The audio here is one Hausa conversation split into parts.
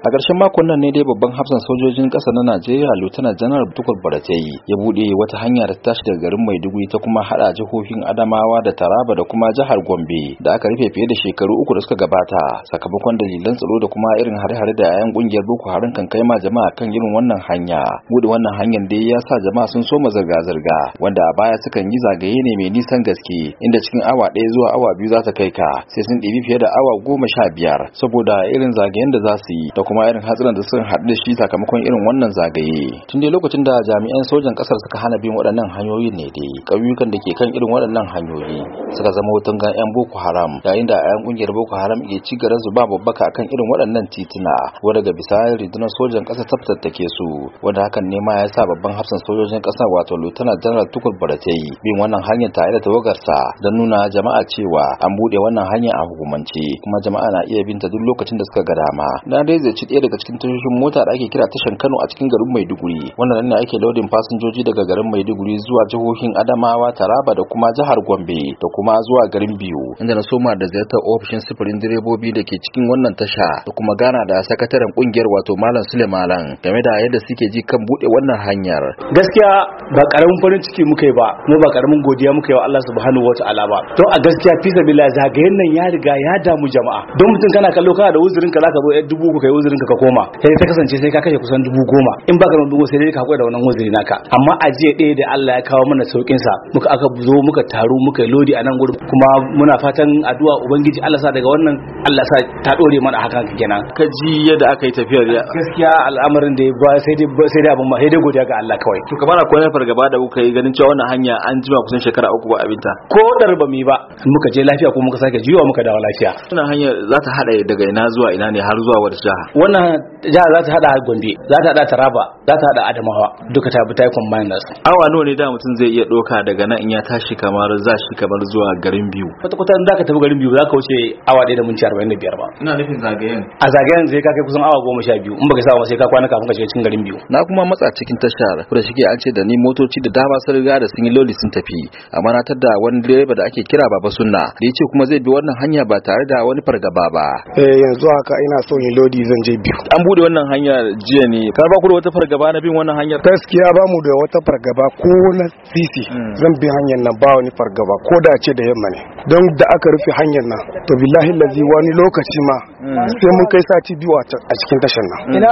a ƙarshen makon nan ne dai babban hafsan sojojin ƙasa na najeriya lieutenant general tukur baratayi ya buɗe wata hanya da ta tashi daga garin maiduguri ta kuma haɗa jihohin adamawa da taraba da kuma jihar gombe da aka rufe fiye da shekaru uku da suka gabata sakamakon dalilan tsaro da kuma irin hare-hare da yayan ƙungiyar boko harin kan kai ma jama'a kan irin wannan hanya buɗe wannan hanyar dai ya sa jama'a sun soma zirga-zirga wanda a baya sukan yi zagaye ne mai nisan gaske inda cikin awa ɗaya zuwa awa biyu za ta kai ka sai sun ɗibi fiye da awa goma sha biyar saboda irin zagayen da za su yi kuma irin hatsarin da suka haɗu da shi sakamakon irin wannan zagaye tun dai lokacin da jami'an sojan ƙasar suka hana bin waɗannan hanyoyin ne dai ƙauyukan da ke kan irin waɗannan hanyoyi suka zama wutan ga 'yan boko haram yayin da 'yan ƙungiyar boko haram ke ci garin su ba babbaka akan irin waɗannan tituna wanda daga bisani rundunar sojan ƙasar ta tattake su wanda hakan ne ma ya sa babban hafsan sojojin ƙasar wato lieutenant general tukur baratai bin wannan hanyar tare da tawagarsa don nuna jama'a cewa an buɗe wannan hanyar a hukumance kuma jama'a na iya binta duk lokacin da suka ga dama na dai ziyarci ɗaya daga cikin tashoshin mota da ake kira tashan Kano a cikin garin Maiduguri wannan ne ake loading fasinjoji daga garin Maiduguri zuwa jihohin Adamawa Taraba da kuma jihar Gombe da kuma zuwa garin Biyu inda na soma da ziyartar ofishin sufurin direbobi da ke cikin wannan tasha da kuma gana da sakataren kungiyar wato Malam Sule Malam game da yadda suke ji kan buɗe wannan hanyar gaskiya ba karamin farin ciki muka yi ba kuma ba karamin godiya muka yi wa Allah subhanahu wataala ba to a gaskiya fi sabilillah zagayen nan ya riga ya damu jama'a don mutum kana kallo kana da uzurin ka zaka zo eh, dubu ka yi uzurin ka koma sai ta kasance sai ka kashe kusan dubu goma in baka da dubu sai dai ka hakura da wannan wuzuri naka amma a jiya ɗaya da Allah ya kawo mana saukin sa muka aka zo muka taru muka lodi a nan gurin kuma muna fatan addu'a ubangiji Allah sa daga wannan Allah sa ta dore mana hakan kenan ka ji yadda aka yi tafiyar ya gaskiya al'amarin da ba sai dai sai dai abun ma sai dai godiya ga Allah kawai to kamar akwai fargaba da kuka yi ganin cewa wannan hanya an jima kusan shekara uku ba abinta ko dar ba mi ba muka je lafiya ko muka sake jiwa muka dawo lafiya wannan hanya za ta hada daga ina zuwa ina ne har zuwa wata jiha wannan jihar za ta hada gombe za ta hada taraba za ta hada adamawa duka ta bi ta yi combine awa nawa ne da mutum zai iya doka daga nan in ya tashi kamar za shi kamar zuwa garin biyu kwata kwata in zaka tafi garin biyu za ka wuce awa ɗaya da minti arba'in da biyar ba ina nufin zagayen a zagayen zai ka kai kusan awa goma sha biyu in baka sa sai ka kwana kafin ka shiga cikin garin biyu na kuma matsa cikin tashar da shi an ce da ni motoci da dama sun riga da sun yi loli sun tafi amma na da wani direba da ake kira baba sunna da ya ce kuma zai bi wannan hanya ba tare da wani fargaba ba eh yanzu haka ina so yin lodi zan je waje biyu an bude wannan hanya jiya ne ka ba ku da wata fargaba na bin wannan hanyar gaskiya ba mu da wata fargaba ko na sisi hmm. zan bi hanyar nan ba wani fargaba ko da ce da yamma ne don da aka rufe hanyar nan to billahi lazi wani lokaci ma hmm. sai mun kai sati biyu a cikin tashar nan hmm.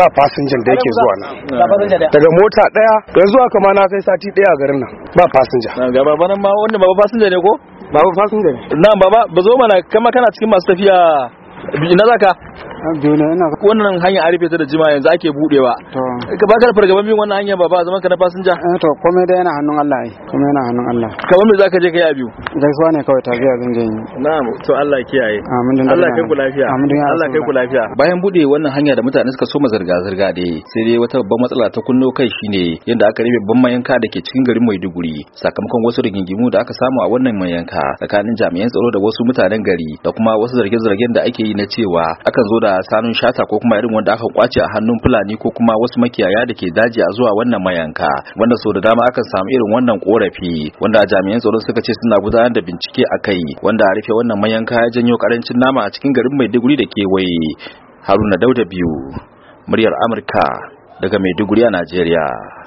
ba fasinjan da yake zuwa nan daga mota daya yanzu haka ma na kai sati daya a garin nan ba fasinja ga nan ma wanda ba fasinja ne ko ba fasinja ne na baba ba zo mana kama kana cikin masu tafiya ina zaka wannan hanyar a rufe ta da jima yanzu ake budewa ka baka da fargaban bin wannan hanyar ba ba zaman ka na fasinja eh to komai da yana hannun Allah ai komai yana hannun Allah kamar me zaka je kai a biyu gaisuwa ne kawai tafiya zan je yi na'am to Allah kiyaye amin Allah kai ku lafiya amin Allah kai ku lafiya bayan bude wannan hanya da mutane suka soma zirga zirga da sai dai wata babban matsala ta kunno kai shine yadda aka rufe babban mayanka da ke cikin garin Maiduguri sakamakon wasu rigingimu da aka samu a wannan mayanka tsakanin jami'an tsaro da wasu mutanen gari da kuma wasu zarge-zargen da ake yi na cewa akan zo da da sanun shata ko kuma irin wanda aka kwace a hannun fulani ko kuma wasu makiyaya da ke daji a zuwa wannan mayanka wanda sau da dama akan samu irin wannan korafi wanda jami'an tsaro suka ce suna gudanar da bincike a kai wanda a rufe wannan mayanka ya janyo karancin nama a cikin garin maiduguri da ke kewaye haruna dauda biyu muryar amurka daga maiduguri a najeriya